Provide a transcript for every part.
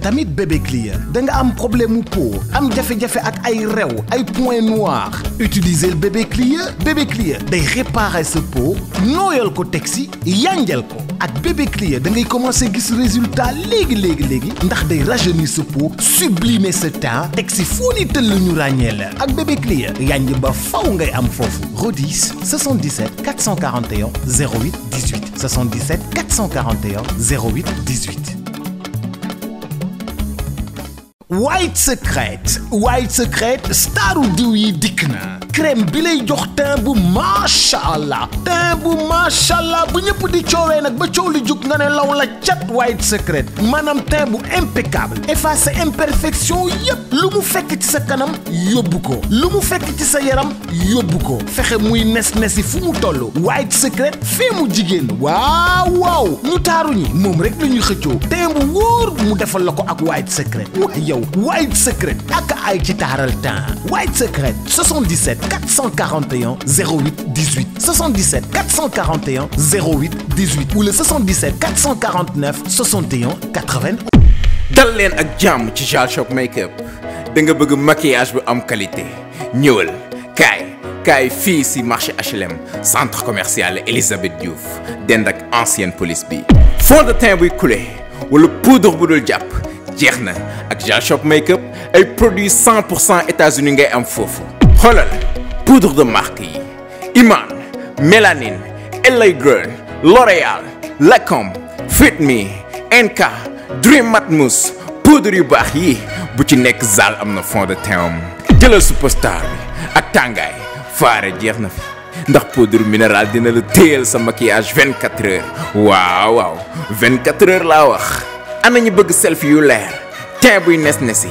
tamit bébé Clear da nga am problème de peau am jafe-jafe ak ay rew ay points noirs utiliser bébé Clear bébé Clear day réparer ce peau taxi ko teg si ko ak bébé client da ngay commencer gis résultat légui légui légui ndax day rajeunir ce peau sublimer ce teint teg si foo ni ñu ràññee la ak bébé client yanj ba faw ngay am fofu rodis 77 441 08 18 77 441 08 18 White Secret White Secret staru diw yi dikk na crème bi lay jox teint bu macha allah teint bu macha allah bu ñëpp di coowee nag ba coow li jug nga ne law la cat White Secret maanaam teint bu impeccable effacé imperfection yépp lu mu fekk ci sa kanam yóbbu ko lu mu fekk ci sa yaram yóbbu ko fexe muy nes nesi fu mu toll White Secret fee mu jigéen waaw waaw ñu taaru ñi moom rek la ñuy xëccoo teint wóor mu defal la ko ak White Secret waaye yow White Secret ak White Secret 77 441 08 18 77 441 08 18 ou le 77 449 61 80. dalen ak jàmm ci Jal Shock Makeup da nga maquillage bu qualité ñëwal kay. Kay fi ci marché HLM centre commercial Elisabeth Diouf dend ak ancienne police fond de teint buy coulé le poudre bu dul jeex ak shop Makeup ay produit 100 des États-Unis ngay am fofu. Holal, poudre de marque Iman Mélanine LA Girl L'Oréal Lacombe, Fit Me NK Dream Matte Mousse poudre yu baax yi bu ci nekk zaal am fond de teint jëlal superstar bi ak tàngaay faare jeex na fi ndax poudre minérale dina la téyel sa maquillage 24 heures wow, waaw 24 heures laa wax ana ñu bëgg selfie yu leer teint buy nes nesi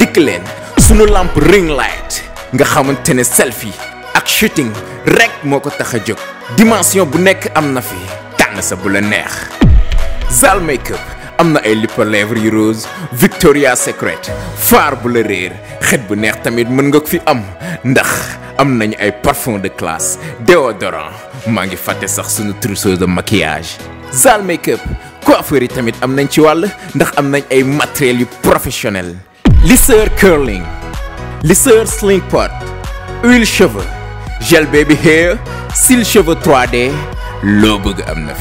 dikk leen sunu làmp ring light nga xamante ne selfie ak shooting rek moo ko tax a jóg dimension bu nekk am na fi tànn sa bu la neex Zal makeup am na ay lipp lèvre yu rose Victoria Secret fard bu la réer xet bu neex tamit mën nga ko fi am ndax am nañu ay parfum de classe déodorant maa ngi fàtte sax sunu trousseau de maquillage Zal Makeup Coiffure et tamit amnañ ci ndax professionnel lisseur curling lisseur sling pot huile cheveux gel baby hair sil cheveux 3D Lobug bëgg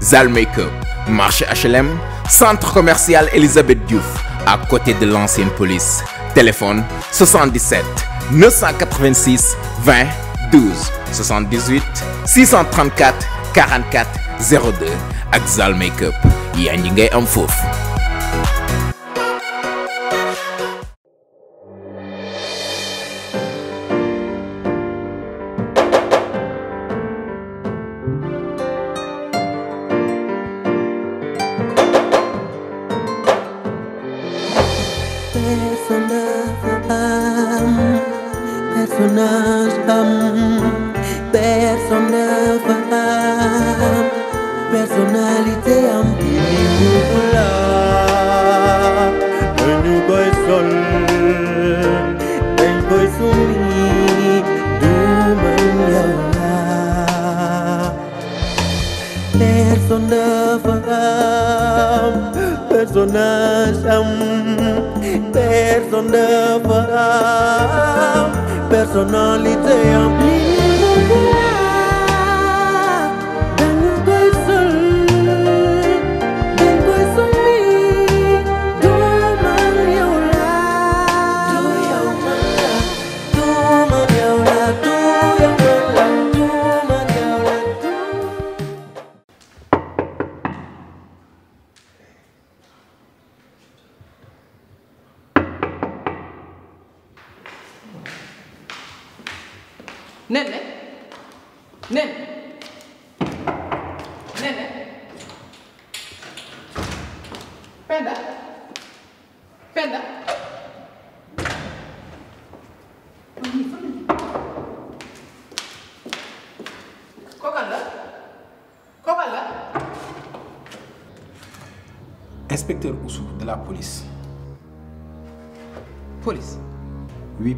Zal Makeup marché HLM centre commercial Elisabeth Diouf à côté de l'ancienne police téléphone 77 986 20 12 78 634 44 02 ak Zal Makeup yi ngi ngay am foofu.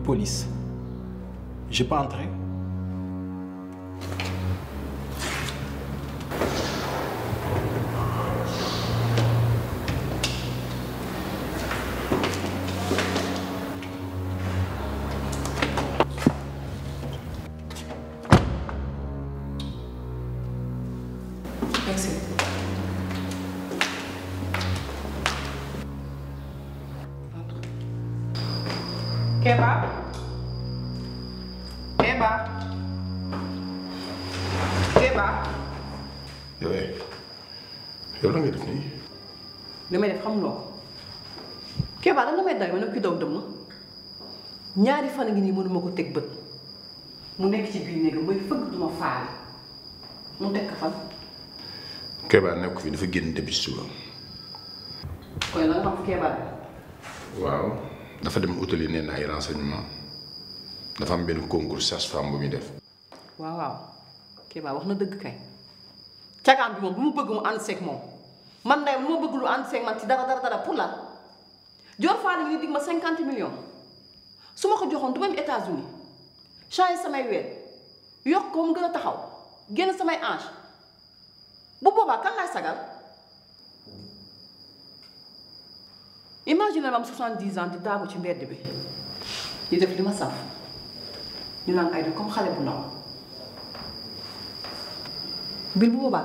police. J'ai pas entré. yow la ngay def nii. li may def xamuloo ko Kéba lan may doy ma ne kuy daw dëmm ñaari fan ngi nii mënuma ko teg bët mu nekk ci biir néegam may fëgg duma faale mu teg fan. Kéba nekk fi dafa génn depuis suba. koy la xam Kéba waaw dafa dem utali nee na ay renseignement dafa am benn concours sage-femme bu muy def. waaw waaw Kéba wax na dëgg kay. cagaan bi moom bu mu bëgg mu ànd seeg moom. man nag lu ma bëgg lu ànd seeg dara dara dara pour la Dior Fane ngi dig ma cinquante millions su ma ko joxoon du ma dem ko mu taxaw génn samay bu boobaa kan laay sagal imagine ma am soixante ci mbedd bi di def ñu ay di bu ndaw bil bu boobaa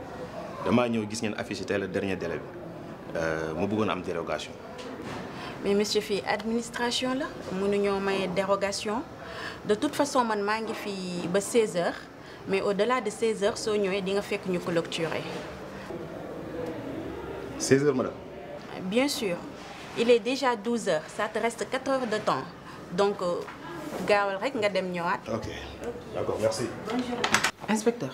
Je ñëw gis ngeen affiché tey le dernier délai bi euh, mu bëggoon am dérogation. mais monsieur fi administration la ñoo une dérogation de toute façon man maa ngi ba 16h mais au-delà de 16h soo ñëwee di nga fekk ñu ko clôturer. 16h madame. bien sûr il est déjà 12h ça te reste 4 h de temps donc euh, gaawal rek nga dem ñëwaat. ok d'accord merci. bonjour. inspecteur.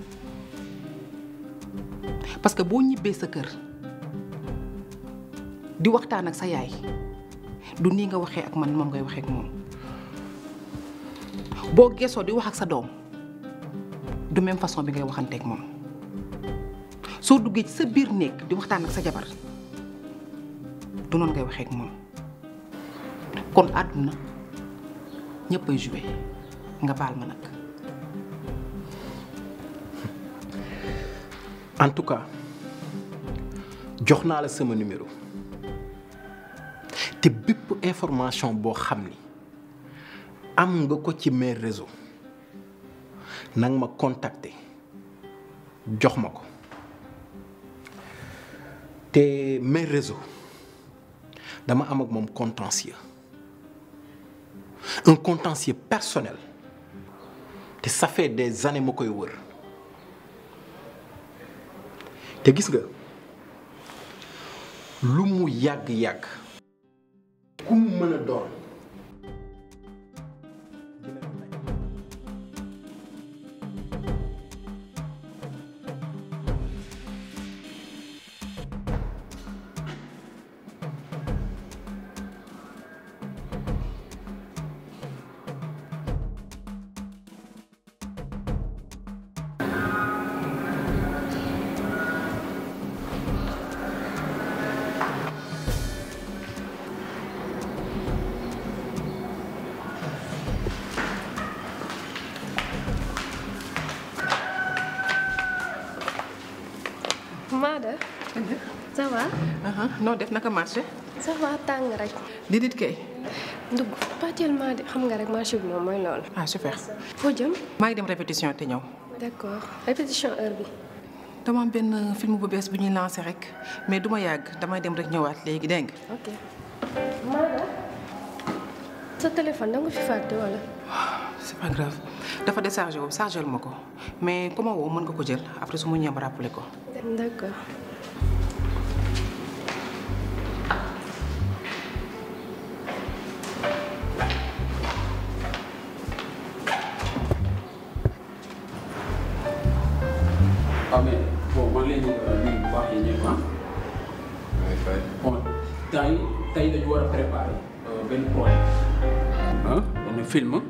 parce que bo ñibé sa kër di waxtaan ak sa yaay du ni nga waxé ak man mom ngay waxé ak mom bo gesso di wax ak sa doom du même façon bi ngay ak mom so duggee ci sa bir nek di waxtaan ak sa jabar du non ngay waxé ak mom kon aduna ñeppay ay nga bal ma nak en tout cas le journal la mon numéro Et information ko mes réseaux nang ma contacter jox mes dama am un contentieux personnel et ça fait des années que je te gis nga lu mu yàgg-yàgg ku mu mën a doon va. noo def naka marché. ça va tàng rek. di kay. ndugg pas tellement de xam nga rek marché bi mooy loolu. ah super. foo jëm. maa ngi dem répétition te ñëw. d'accord répétition heure bi. dama am benn film bu bees bu ñuy lancé rek mais du ma yàgg damay dem rek ñëwaat léegi dégg nga. ok. sa téléphone da nga fi fàtte wala. c'est pas grave dafa déchargé wu chargé ma ko mais ku ma woo mën nga ko jël après su ma ñëw rappelé ko. d'accord. film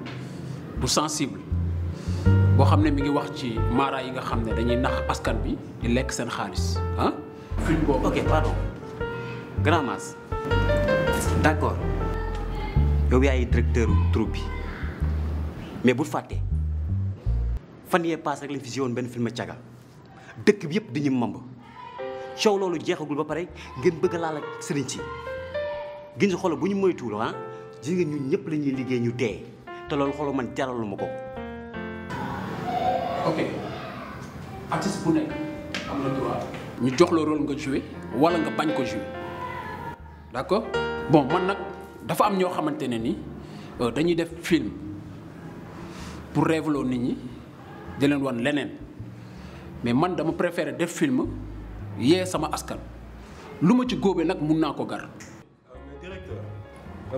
bu sensible boo xam ne mi ngi wax ci mara yi nga xam ne dañuy nax askan bi di lekk seen xaalis ah. film boobu ok pardon grand mas d'accord yow yaay directeur troupe bi mais bul fàtte fan yee paas rek lañ fi si woon benn film caga dëkk bi yëpp dañuy mamb coow loolu jeexagul ba pare ngeen bëgg a laal ak sëriñ si gin si xoolal bu ñu moytuwul ah jigéen nga ñun ñëpp lañuy liggéey ñu tee te loolu xoolal man jaralu ma ko. ñu jox la rôle nga joué wala nga bañ ko joué d' accord bon man nag dafa am ñoo xamante ne ni euh, dañuy def film pour révéler nit ñi di leen leneen mais man dama préféré def film yee sama askan lu ma ci góobee nag mun naa ko gar. Euh,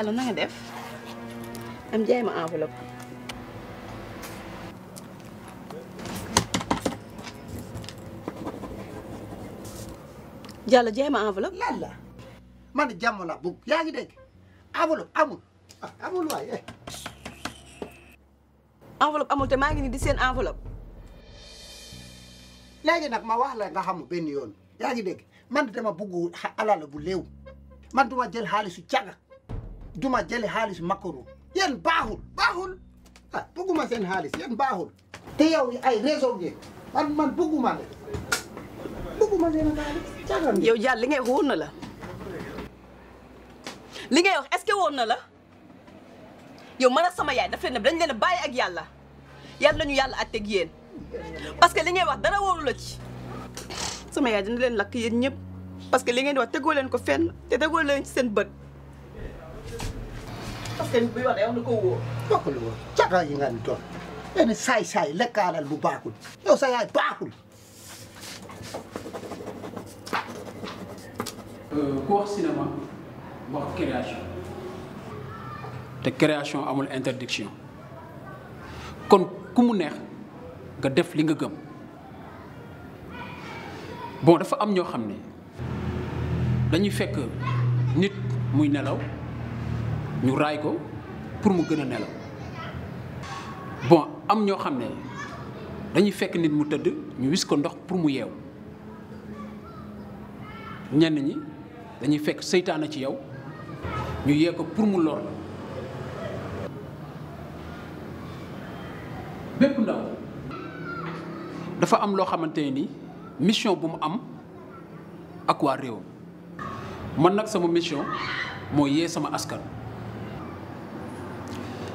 yàlla na nga def am jaay ma enveloppe. Diallo jaay ma enveloppe. lan la man jàmm la bu yaa ngi dégg enveloppe amul ah, eh. te maa ngi ni di seen enveloppe. léegi nag ma wax la nga xamul benn yoon yaa ngi dégg man dama bugg alal bu léew man duma jël xaalisu caga juma jële xaalis makkaru yéen baaxul baaxul ah bëgguma seen xaalis yéen baaxul te yow ay réseau ngeen man man yow Diallo li ngay wax wóor na la li ngay wax est-ce que wóor na la yow man ak sama yaay daf leen ne dañ leen bàyyi ak yàlla yàlla nañu yàlla àtteeg yéen parce que li ngay wax dara wooru la ci sama yaay dina leen lakk yéen ñëpp parce que li ngeen di wax tegoo leen ko fenn te tegoo leen ci seen bët pasque mi waɗa on ko wo makko ɗum cagaji gandi toon ene say say lekkalal mo bakul yo saya bakul ku wax cinéma wax création te création amul interdiction kon ku mu neex nga def li nga gëm bon dafa am ñoo xam ne dañuy fekk nit muy nelaw ñu ray ko pour mu gëna nelaw bon am ño xamné ne dañuy fekk nit mu tëdd ñu wiss ko ndox pour mu yew ñen ñi dañuy fekk seytana ci yow ñu yé ko pour mu lor la ndaw dafa am lo xamanteni ni mission bu mu am ak wa rew man nak sama mission moo yé sama askan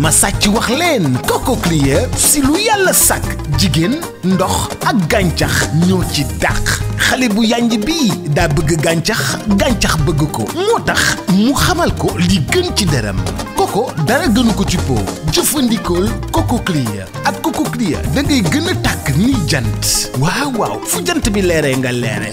ma sàcc wax leen koko Clear si lu yàlla sàkk jigéen ndox ak gàncax ñoo ci dàq xale bu yànj bi daa bëgg gàncax gàncax bëgg ko moo tax mu xamal ko li gën ci dërëm koko dara gënu ko ci po jëfandikool Coco Clear ak Coco Clear da ngay gën a tàkk ni jant waaw fu jant bi leeree nga leeree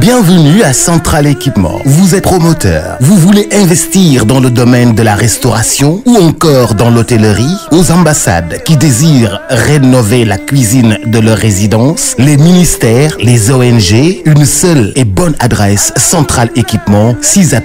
Bienvenue à Central Équipement. Vous êtes promoteur. Vous voulez investir dans le domaine de la restauration ou encore dans l'hôtellerie Aux ambassades qui désirent rénover la cuisine de leur résidence, les ministères, les ONG, une seule et bonne adresse Central Équipement, 6 à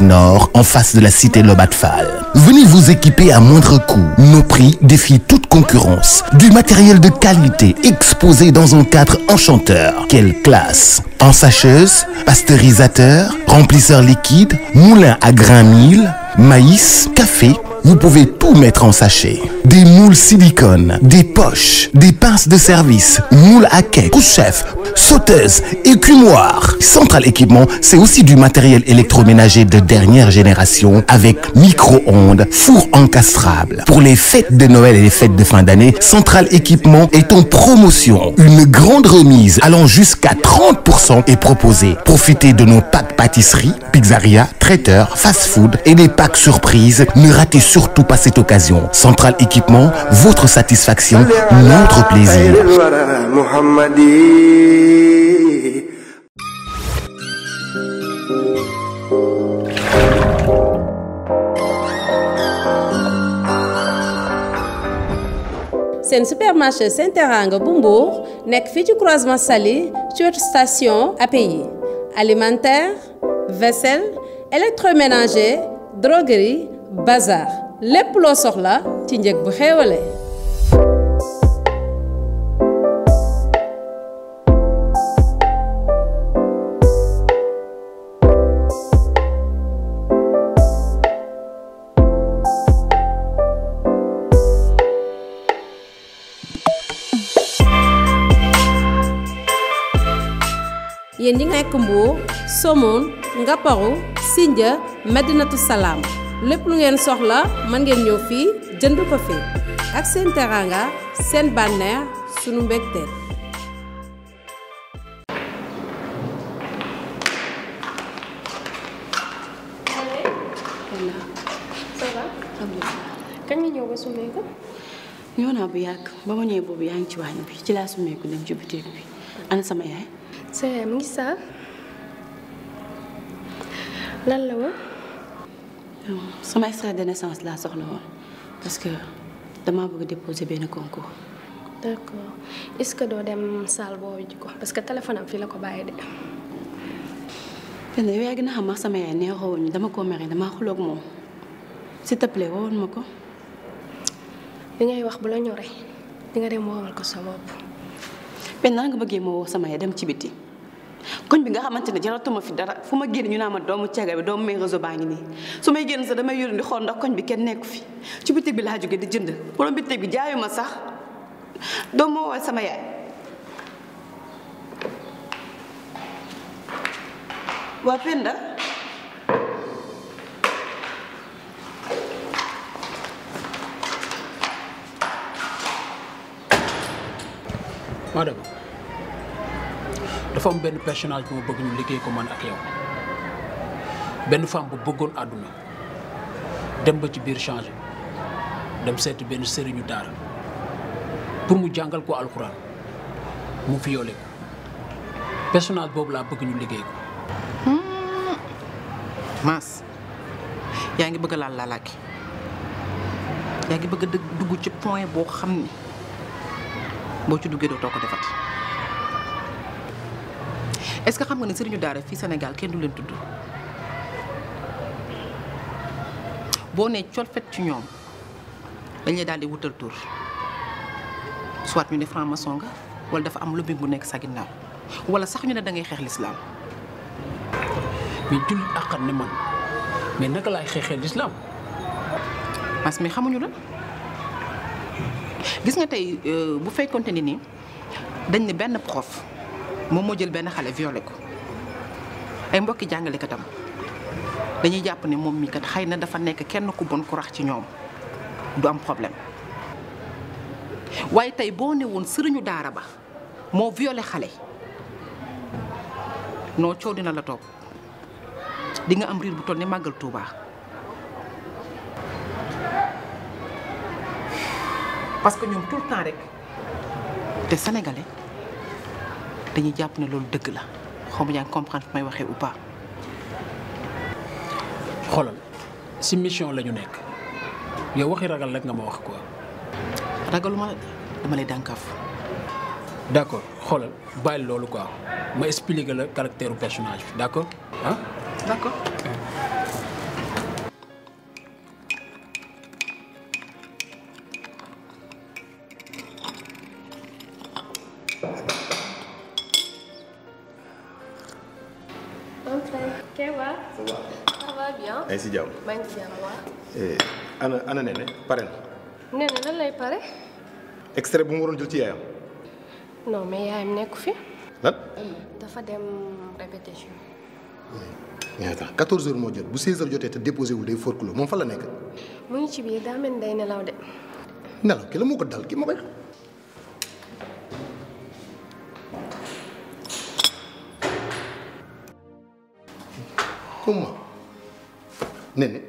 Nord, en face de la cité Lobatfal. Venez vous équiper à moindre coût. Nos prix défient tout concurrence. Du matériel de qualité exposé dans un cadre enchanteur. Quelle classe Ensacheuse, pasteurisateur, remplisseur liquide, moulin à grains mille, maïs, café, vous pouvez tout mettre en sachet. Des moules silicone, des poches, des pinces de service, moules à quai, couche-chef, sauteuses, écumoires. Central Équipement, c'est aussi du matériel électroménager de dernière génération avec micro-ondes, four encastrable. Pour les fêtes de Noël et les fêtes de fin d'année, Central Équipement est en promotion. Une grande remise allant jusqu'à 30% est proposée. Profitez de nos packs pâtisserie, pizzeria, traiteur, fast-food et des packs surprises. Ne ratez surtout pas cette occasion. Central Équipement, votre satisfaction, notre plaisir. C'est un supermarché saint Teranga Bumbour. Nek fi du croisement salé sur une station à payer. alimentaire vaisselle électroménager droguerie bazar lepp lo soxla ci njëg bu xéewale yen ñi nekk Mbour somon Ngaparou sinja Medinatu salam lépp lu ngeen soxla mën ngeen ñëw fii jënd ko fi ak seen teranga seen bànneex sunu mbégte ñëw naa bu yàgg ba ma ñëwee boobu yaa ngi ci waañ bi ci laa sumeeku dem ci boutique bi ana sama yaay sa yaay mu ngi saa lan la wa sama extrait de naissance laa soxla woon parce que damaa bëgg déposer benn concours. d' accord est ce que doo dem salle boobu ji ko parce que téléphone am fii la ko bàyyi de. Penda yow yaa gën a xam ma sama yaay neexoowuñu dama ko mere damaa xuloog moom s'il te plaît ma ko. li wax bu la ñoree di nga dem woowal ko sa bopp. Penda nga bëggee ma woo sama yaay dem ci biti. koñ bi nga xamante ne jaratuma fi dara fu ma génn ñu naa ma doomu cega bi doomu may réseau baa ngi nii su may génn sax damay yóru di xool ndax koñ bi kenn nekku fi ci bitig bi laa jóge di jënd borom bitig bi jaayu ma sax doom moo woo sama yaay waa Penda madame dafa benn personnage bu bëgg ñu liggéey ko man ak yow benn femme bu bëggoon àdduna dem ba ci biir changé dem seetu benn sëriñu daara pour mu jàngal ko alxuraan mu violé ko personnage boobu laa bëgg ñu liggéey ko. Hmm. Mass yaa ngi bëgg laal laalaaki yaa ngi bëgg a dugg ci point boo xam ni boo ci duggee dootoo ko defat est-ce que xam nga ne sëriñu daara fii Sénégal kenn du leen tudd boo nee colfet ci ñoom dañ lay daal di wutal tour soit ñu ne franc-maçon nga wala dafa am lobby bu nekk sa ginnaaw wala sax ñu ne dangay ngay xeex lislaam mais jullit àqat ne man mais naka laay xeexee lislaam parce que xamuñu la gis nga tey euh, bu fekkonte ni nii dañ ne benn prof moom moo jël benn xale violé ko ay mbokki jàngalekatam dañuy jàpp ne moom mii kat xëy na dafa nekk kenn ku bon ku rax ci ñoom du am problème waaye tey boo ne woon sëriñu daara ba moo violé xale noo coow dina la toog di nga am riir bu toll ne màggal Tuubaa parce que ñoom tout temps rek te sénégalais dañuy jàpp ne loolu dëgg la xaw ma yaa ngi comprendre fi may waxee ou pas. xoolal si mission la ñu nekk yow waxi ragal rek nga ma wax quoi. ragaluma dama lay dànkaaf. d'accord xoolal bàyyi loolu quoi ma expliquer la caractère personnage bi d'accord ah. Eh, ana ana Nene pare na. Nene lan lay pare. extrait bu mu waroon jël ci yaayam. non mais yaayam nekku fi. lan. dafa dem répétition. mais mais attends 14 heures moo jot bu 16 heures te déposé wul day forclos moom fan la nekk. mu ngi ci biir daa mel day nelaw de. nelaw ki la moo ko dal ki ma koy. comment Nene.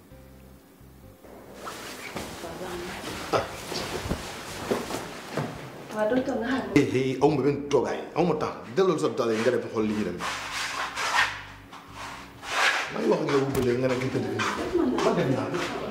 waaw doo toog nga xaar. aw ma benn toogaay aw ma tax delloo sa tool yi nga def xool li ñu dem maa ngi wax ak yow bu nga ne gis nga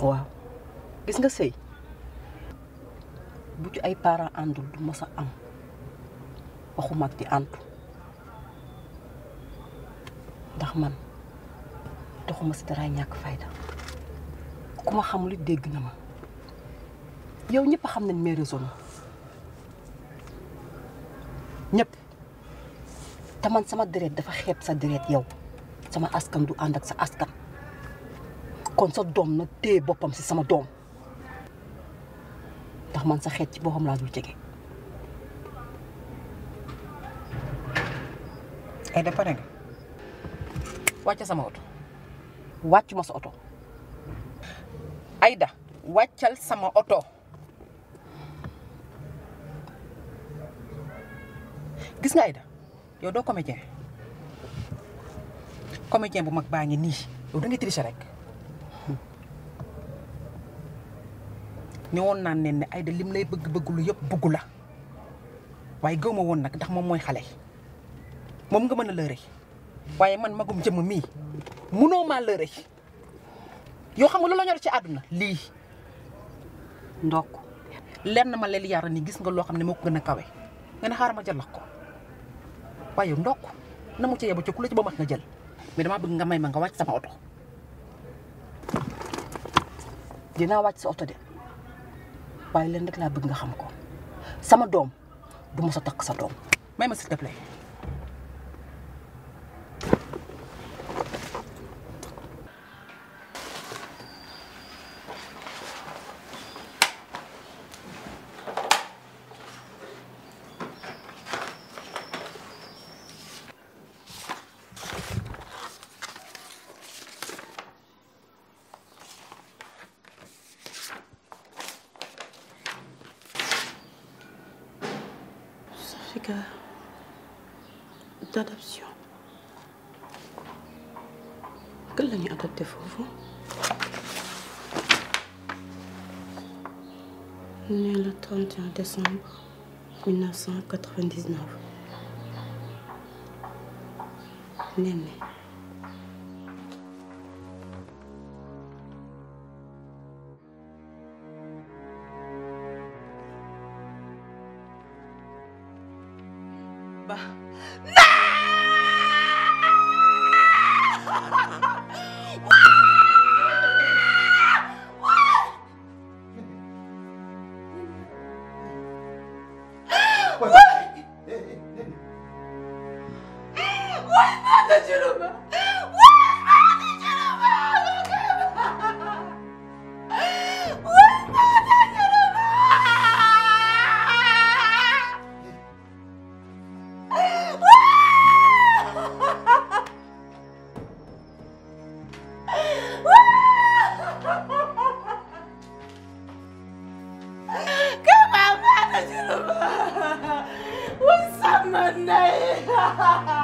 waaw gis nga sëy bu ci ay parent àndul du mës a am waxu mag di àndu ndax man doxuma si dara ñàkk fayda ku ma xamul it dégg na ma yow ñëpp xam nañ mes raison ñëpp te man sama deret dafa xeeb sa deret yow sama askan du ànd ak sa askan kon sa doom na téye boppam si sama doom ndax man sa xeet ci boppam laa dul jege. ay da pare nga wàcc sama oto wàcc ma oto Aida wàccal sama oto gis nga ayda yow doo comédien comédien bu mag baa ngi nii yow da nga tricher rek ne woon naa ne ay de lim lay bëgg bëgg lu yëpp bëggu la waaye gëma won nak ndax mom moy xalé mom nga mëna a waye man magum jëm mi mëno ma lëre yo xam nga lu la ñor ci aduna li ndok lenn ma leel yar ni gis nga lo xamne moko gëna kawé kawe nga na xaar ma jël lako waye ndok na mu ci yebu ci ku la ci ba max nga jël mais dama bëgg nga may ma nga wacc sama auto dina wacc sa auto de waaye leen rek laa bëgg nga xam ko sama doom du mos a takk sa doom may ma s'il te Né le 31 décembre 1999. né. My name.